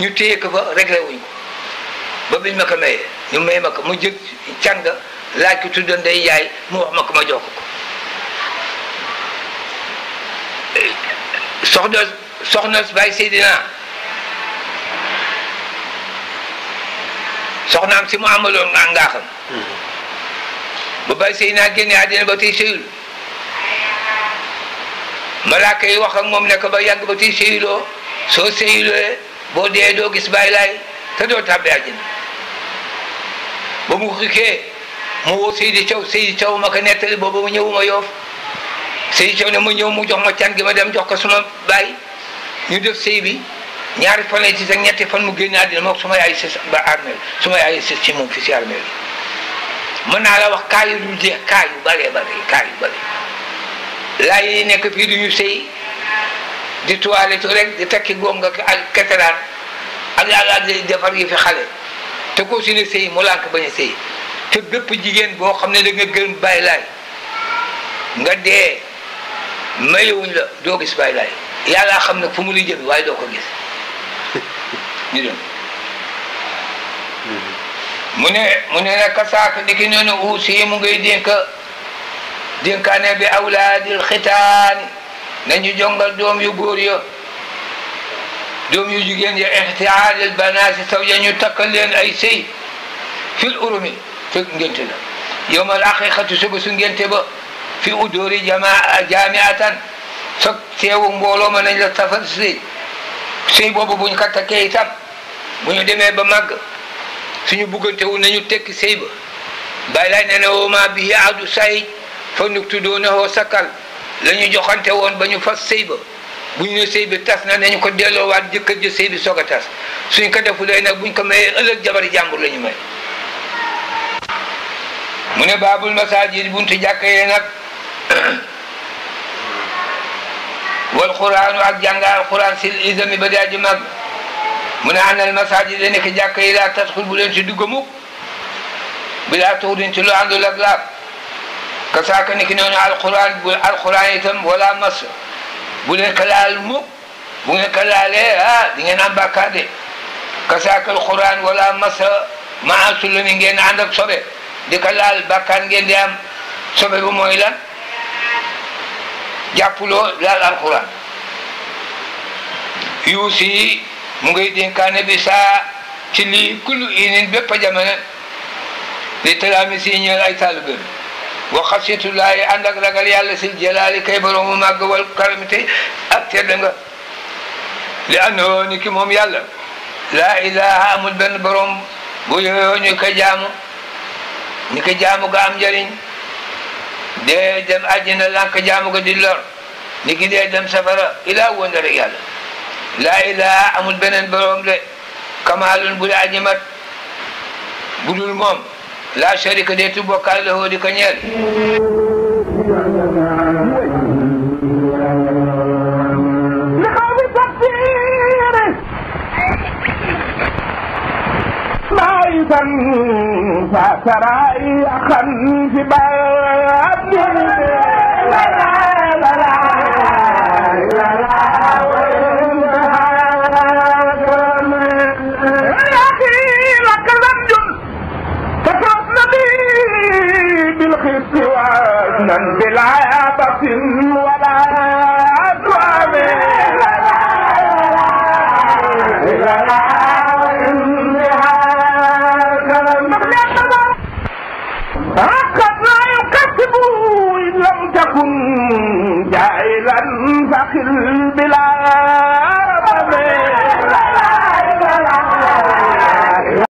ñu téye ko fa réglé wuñ ko ba biñ ma ko mayee ñu may ma ko mu jëg càng laaj ko tuddoon day yaay mu wax ma ko ma jox ko soxna soxna Baye Seydina soxnaam si mu amaloon ngaa xam ba Baye Seydina génne àddina ba tey sëyul malaaka yi wax ak moom ne ko ba yàgg ba tey sëyuloo soo sëyulee boo dee doo gis bàyyi laay te doo tàbbi àjjana ba mu xikkee mu di Seydi Thiaw Seydi Thiaw ma ko nettali booba mu ñëwuma yoof Seydi Thiaw ne ma ñëw mu jox ma can gi ma dem jox ko suma baay ñu def sëy bi ñaari fan lay tis ak ñetti fan mu génn àddina moom suma yaay sës ba armeel suma yaay sës ci moom fi si armeel mën naa la wax kaa yu dul jeex kaa yu bare bare kaa yu nekk fii du ñu sëy di toiletu rek di takki góom nga ak keteraan ak yàlla di defar yi fi xale te ko si ne sëy mu lànk bañ a sëy te bépp jigéen boo xam ne da nga gërëm bàyyi laay nga dee mayewuñ la doo gis bàyyi laay xam ne fu mu lu waaye doo ko gis mm-hmm. mu ne mu ne nag kasaaka di ki noonu uusi mu ngay dénka dénkaane bi awlaadil xitaani nañu jongal doom yu góor ya doom yu jigéen ya ixtiaaril banaati saw ya ñu takkal leen ay sëy fil urumi fi ngénte la yowmal aqiqatu suba su ngénte ba fi udóori jamaa jaamiatan soog teewu mbooloo ma nañ la tafal sëy sëy boobu bu ñu ko takkee itam bu ñu demee ba màgg suñu buggantewul nañu tekki sëy ba bàyyi laay nee na woo maa bihi adu sayij fa nuktu la ñu joxante woon ba ñu fas sëy bu ñu ne sëy tas na nañu ko delloowaat jëkkër ji sëy bi soog a tas suñ ko defulee nag buñ ko mayee ëllëg jabari jàmbur la ñu may mu ne baabul masaajid buntu jàkka yee nag wal quraanu ak jàngaal quraan sil isami ba daa ji mag mu ne anal masaajid la nekk jàkka yi laa tadxul bu leen ci dugg mukk bi laa tuxurin ci lu àndul ak kasaaka ni ki noonu alquran bu alquran itam wala mas bu leen laal mukk bu ngeen laalee ah di ngeen am bàkkaar de kasaaka alquran wala mas maa sulumi ngeen ànd sobe di laal bàkkaar ngeen di am sobe bu mooy lan jàppuloo laal alquran yuusi mu ngay dénkaane bi saa ci lii kullu inin bépp a jamono li talaami si ñeel ay taalibeem wa xasitullaahi ànd ak ragal yàlla si jalaali kay boroomu màgg wal karamité ak tedd nga li annoo ni ki moom yàlla laa ilaha amul benn borom bu yooyoo ñu ko jaamu ñu ko jaamu ga am njëriñ dee dem àjjina lànk jaamu ga di lor ni ki dee dem safara ilaa woon rek yàlla laa ilaha amul beneen borom de kamaalun bu la aji mat budul moom laa sharika deetu bokkaale lahu di ko ñeel maa itam fa saraa i axan fi baa रखिर